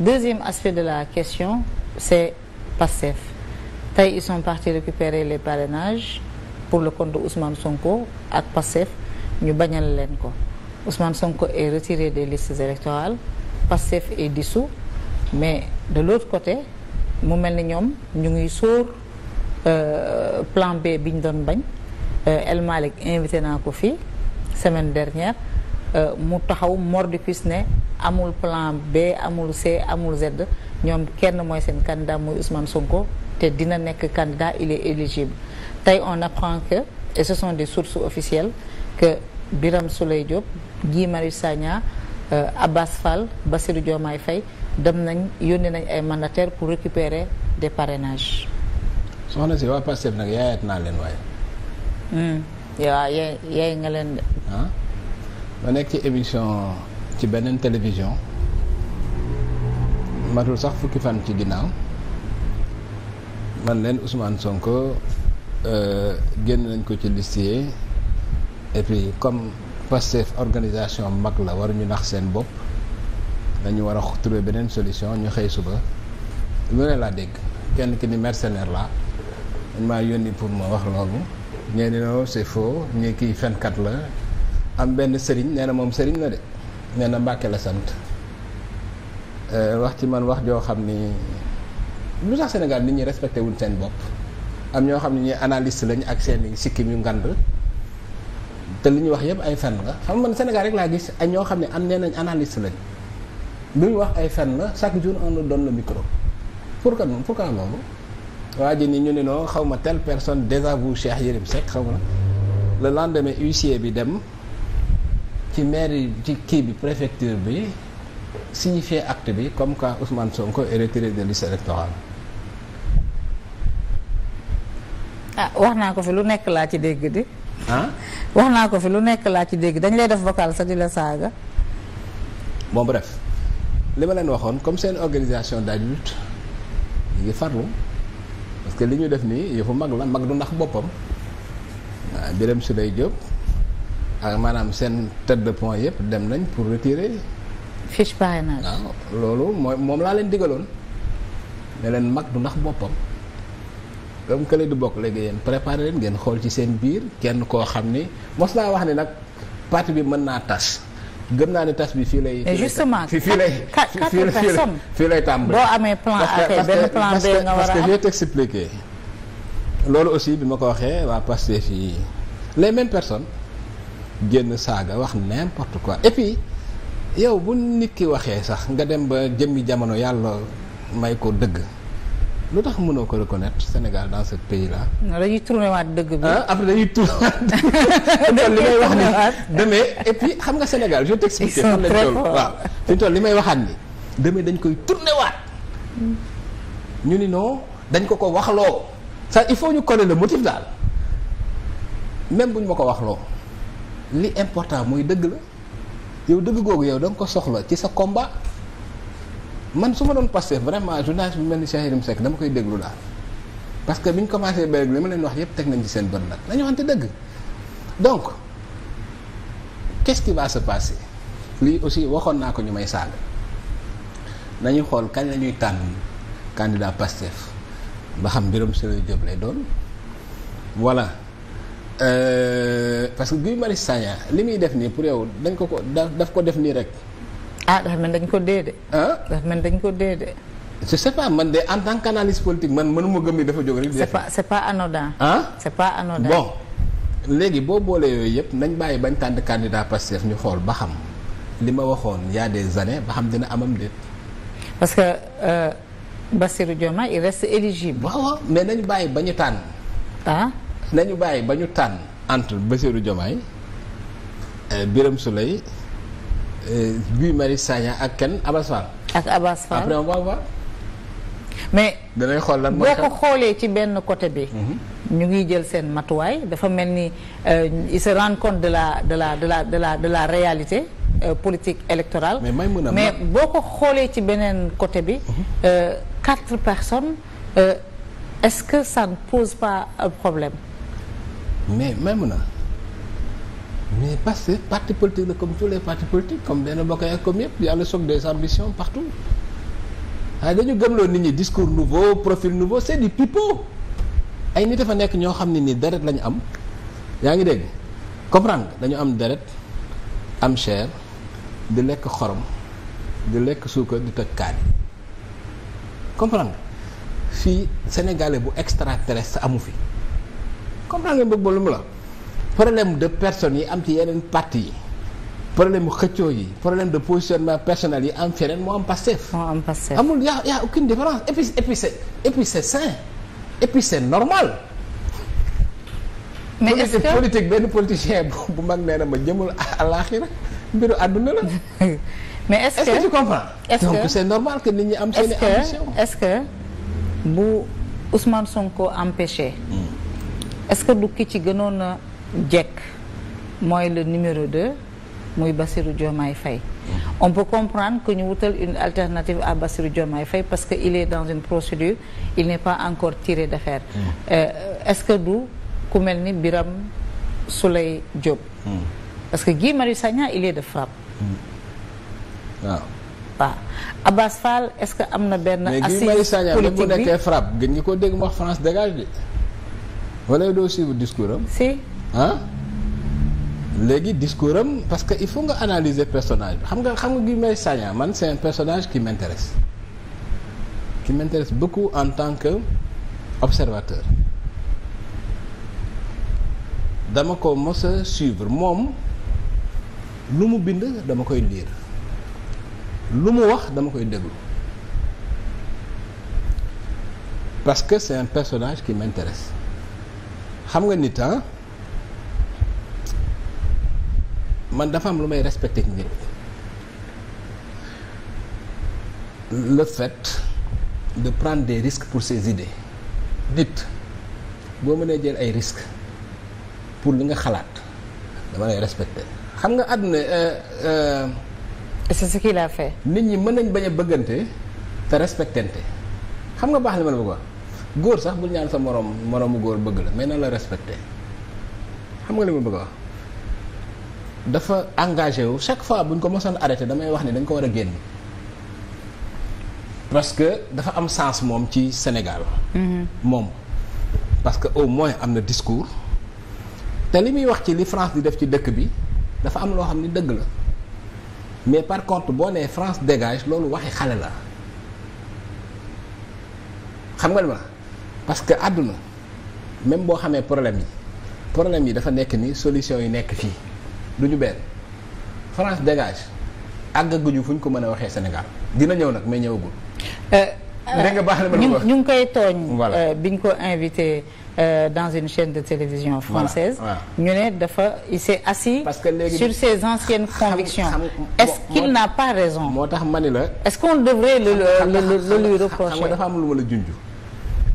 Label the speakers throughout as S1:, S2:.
S1: deuxième aspect de la question c'est Pastef tey ils sont partis récupérer les parrainages pour le compte de Ousmane Sonko ak Pastef ñu bañal leen ko Ousmane Sonko est retiré des listes électorales Pastef est dissous mais de l'autre côté mu mel ni ñoom ñu ngi soor euh, plan B bi ñu doon bañ euh, El Malick invité naa ko fii semaine dernière euh, mu taxaw de puis ne amul plan B amul C amul Z ñoom kenn mooy seen candidat mooy Ousmane Sonko te dina nekk candidat il est éligible tey on apprend que et ce sont des sources officielles que Birame Souleye Diop Guy Marius Sagna euh, Abbas Fall Bassirou Diomaye Faye dem nañ yónnee nañ ay mandataires pour récupérer des parrainages. soxna si waa
S2: Pastef yaayaat naa leen waaye.
S1: Hmm. waaw yaay yaay nga leen de.
S2: Ah? ma nekk ci émission. ci beneen télévision matul sax fukki fan ci ginnaaw man leen Ousmane Sonko euh, génn nañ ko ci liste et puis comme Pastef organisation mag la war ñu nax seen bopp dañu war a trouver beneen solution ñu xëy suba lu ne laa dégg kenn ki ni mercenaire la dañ maa yónni pour ma wax loolu ñee ni non c'est faux ñi kii fenkat la am benn sëriñ nee moom sëriñ la de nee na Mbàkke la sant euh, wax ci man wax joo xam ni lu sax Sénégal nit ñuy respecté wuñ seen bopp am ñoo xam ne ñuy analyste lañ ak seen i sikkim yu ngand te li ñuy wax yëpp ay fen la xam man Sénégal rek laa gis ay ñoo xam ne am nee nañ analyste lañ lu ñu wax ay fen la chaque jour on nous donne le micro pour que moom pourquoi moom waa ji ni ñu ne noo xaw ma telle personne désavoue Cheikh Yérim Seck xaw ma le lendemain huissier bi dem ci maire ci kii bi préfecture bi signifier act bi comme quoi Ousmane Sonko est retiré de liste électorale
S1: ah wax naa ko fi lu nekk laa ci dégg di wax naa ko fi lu nekk laa ci dégg dañ lay def vocal sa di la saaga
S2: bon bref li ma leen waxoon comme seen organisation d'adulte ñu ngi farlu parce que li ñu def nii yëfu mag la mag du ndax boppam waaw Birame Souleye Diop ak maanaam seen tête de pont yëpp dem nañ pour retirer.
S1: fiche parrainage waaw
S2: loolu mooy moom laa leen digaloon ne leen mag du ndax boppam. comme kële du bokk léegi yéen préparé leen ngeen xool ci seen biir kenn koo xam ni mos naa wax ni nag parti bi mën naa tas. gën naa ne tas bi fii lay. justement fii fii lay quatre personnes fii lay tàmbali. boo amee plan A benn plan nga war a am parce que parce que je loolu aussi bi ma ko waxee waa Pastef yi les mêmes personnes. génn saaga wax n'importe quoi et puis yow bu nit ki waxee sax nga dem ba jëmmi jamono yàlla may ko dëgg lu tax mënoo ko reconnaître Sénégal dans ce pays là.
S1: non dañuy tourné waat dëgg
S2: bi. après dañuy tourné waat dëgg wax ni demee et puis xam nga Sénégal je t'explique. ils sont très forts waaw fi mu toll li may waxaat ni deme dañ koy tourné waat. ñu ni noo dañ ko ko waxloo. sax il faut ñu connaître le motif daal même bu ma ko waxloo. li important mooy dëgg la yow dëgg googu yow da nga ko soxla ci sa combat man su ma doon passé vraiment journaliste bu mel ni Cheikh mu Seck dama koy déglu daal parce que bi ñu commencé béy li ma leen wax yépp teg nañ ci seen bët nag nañu waxante dëgg donc qu'est-ce qui va se passer lii aussi waxoon naa ko ñu may saaga nañu xool kañ la ñuy tànn candidat Pastef ba xam mbirum Sëriñ joble doon voilà Euh, parce que Guy Marius Sagna li muy def nii pour yow dañ ko ko daf ko def nii rek. ah
S1: dafa mel dañ ko dee de. ah dafa mel dañ
S2: ko dee de. je sais pas man de en tant qu'analyste politique man mënuma gëm ni dafa jóg rek. c'est pas c'est pas anodin. ah c'est pas anodin. bon léegi boo boolee yooyu yëpp nañ bàyyi bañ tànn candidat Pastef ñu xool ba xam li ma waxoon y a des années ba xam dina amam déet. parce que euh, Bassirou Diomaye il reste éligible. waaw waaw mais nañ bàyyi ba tànn. ah. nañu bàyyi ba ñu tànn entre Bassirou Diomaye euh, Birame Souleye bi euh, Marius Sagna ak kenn Abass Fall. ak Abass Fall après on va voir. mais danañ xool lan boo ko
S1: xoolee ci benn côté bi. Mhm. ñu ngi jël seen matuwaay dafa mel ni euh, il se rend compte de la de la de la de la de la réalité euh, politique électorale. mais may mun a mais boo ko xoolee ci beneen côté bi. Mhm. quatre personnes euh, est-ce que ça ne pose pas un problème.
S2: mais même naa mais parce que parti politique la comme tous les partis politiques comme benn bokk ak comme yëpp y a le choc des ambitions partout waaye dañu gëmloo nit ñi discours nouveau profil nouveau c'est du pipeau ay nit dafa nekk ñoo xam ne ni deret lañu am yaa ngi dégg comprendre dañu am deret am cher di lekk xorom di lekk suukar di toj kaani comprendre si sénégalais bu extraterrestre amu fi comme naa ngeen bëgg ba lu mu la problème de personnes yi am ci yeneen parti yi problème xëccoo yi problème de positionnement personnel yi am feneen moo am Pastef amul yaa yaa aucune différence et puis et puis c'est et puis c'est sain et puis c'est normal mais est-ce benn politicien bu mag nee na ma jëmul
S1: àllaaxira mbiru àdduna la mais est-ce que est-ce que tu comprends est normal que nit ñi am seeni ambition est-ce que bu Ousmane Sonko empêché hmm. est-ce que du ki ci gënoon a jekk mooy le numéro 2 muy Bassirou Diomaye Faye mm-hmm. on peut comprendre que ñu wutal une alternative à Bassirou Diomaye Faye parce que il est dans une procédure il n'est pas encore tire d'affaire mm-hmm. euh, est-ce que du ku mel ni Birame Souleye Diop mm-hmm. parce que Guy Marius Sagna il est de frappe waaw Abbas Fall est-ce que am na benn assise politique bi
S2: gën ñu ko dégg mu France dégage de wala yow doo suivre discours am. si ah. léegi discours am parce que il faut nga analyser personnage bi xam nga xam nga gi Marius Sagna man c'est un personnage ki m'intéresse ki m'intéresse beaucoup en tant que observateur dama ko mose a suivre moom lu mu bind dama koy lire lu mu wax dama koy déglu parce que c'est un personnage qui m'intéresse xam nga nit ah man dafa am lu may respecter nit le fait de prendre des risques pour ses idées nit boo mënee jël ay risques pour li nga xalaat dama lay respecter xam nga àdduna. Euh, euh, c'est ce qu'il a fait. nit ñi mën nañ bañ a bëggante te respectante xam nga baax li ma la bëgg góor sax bul ñaan sa moroom moroomu góor bëgg la may na la respecté xam nga li ma bëgg a dafa engagé wu chaque fois bu buñ ko mosaan arrêté damay wax ni dañ ko war a génn parce que dafa am sens moom ci Sénégal. Mhm. moom parce que au moins am na discours te li muy wax ci li France di def ci dëkk bi dafa am loo xam ni dëgg la mais par contre boo nee France dégage loolu waxe xale la xam nga li ma parce que àdduna même boo xamee problème yi problème yi dafa nekk ni solution yi nekk fii lu ñu benn France dégage àggaguñu fu ñu ko mën a waxee Sénégal dina ñëw nag mais ñëwagul.
S1: Euh, dégg nga baax na ma ñu ñu ngi koy tooñ. Euh, bi ñu ko invité euh, dans une chaîne de télévision française ñu ne dafa il s'est assis. parce que léegi sur ses anciennes convictions. est-ce qu'il n'a pas raison. moo tax ma ni la. est-ce qu'on devrait le
S2: le le lui reprocher. xam nga dafa am lu ma la junj.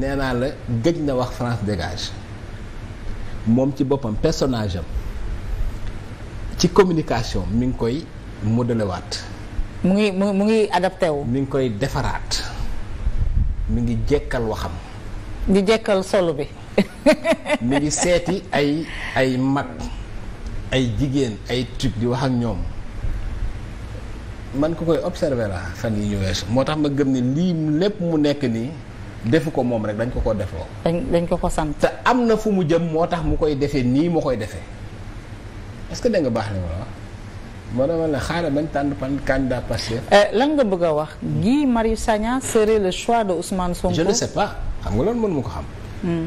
S2: nee naa la gëj na wax France dégage moom ci boppam personnage am ci communication mi ngi koy modelewaat. mu ngi mu ngi mu ngi adapté wu. mi ngi koy defaraat mi ngi jekkal waxam. di jekkal solo bi. mi ngi seeti ay ay mag ay jigéen ay truc di wax ak ñoom man ko koy observer la fan yi ñu weesu moo tax ma gëm ni lii lépp mu nekk nii. defu ko moom rek dañ ko ko defoo. dañ dañ ko ko sant. te am na fu mu jëm moo tax mu koy defee nii mu koy defee est-ce que da nga baax li ma wax. moo demoon ne xaaral bañ tànn pan candidat Pastef. Eh, lan nga bëgg a wax. Guy Marius Sagna serait le choix de Ousmane Sonko. je ne xam nga loolu mënu ma ko xam. Hmm.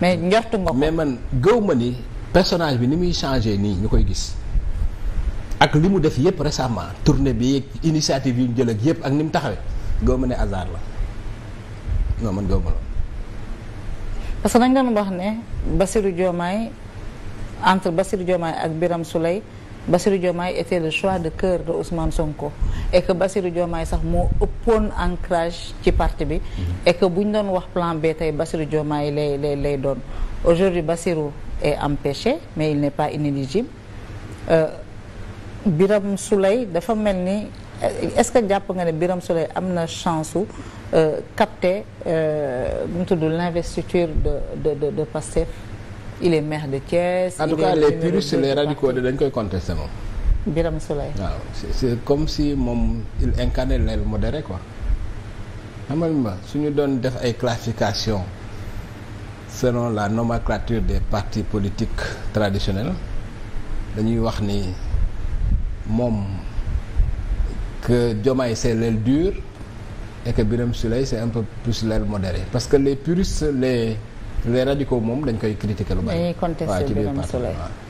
S2: mais njortu nga ko. mais man gëw ma ni personnage bi ni muy changé nii ñu koy gis ak li mu def yépp récemment tournée bi initiative yi ñu jël ak yépp ak ni mu taxawee gëw ma ne hasard la. non man
S1: que dañ doon wax ne Bassirou Diomaye entre Bassirou Diomaye ak Birame Souleye Bassirou Diomaye était le choix de cœur de Ousmane Sonko et que Bassirou Diomaye sax moo ëppoon encrage ci parti bi mhm. et que bu ñu doon wax plan bee tey Bassirou Diomaye lay lay lay doon aujourd'hui Bassirou est empêché mais il n'est pas inéligible euh, Birame dafa mel ni Euh, est-ce que jàpp nga ne biram Souleye am na chance su euh, capter euh, mu tudd l'investiture de de de de Pastef il est maire de Thiès. en tout cas les puristes les radicaux
S2: dañ koy contesté moom.
S1: biram Souleye.
S2: waaw c'est comme si moom il incarnait l'aile modérée quoi xamal suñu doon def ay classification selon la nomenclature des partis politique traditionnels dañuy wax ni moom. que Diomaye c'est l'aile dure et biram Birame Souleye c'est un peu plus l'aile modérée parce que les puristes les les moom dañ koy critiquer lu bari. dañuy contester Birame Souleye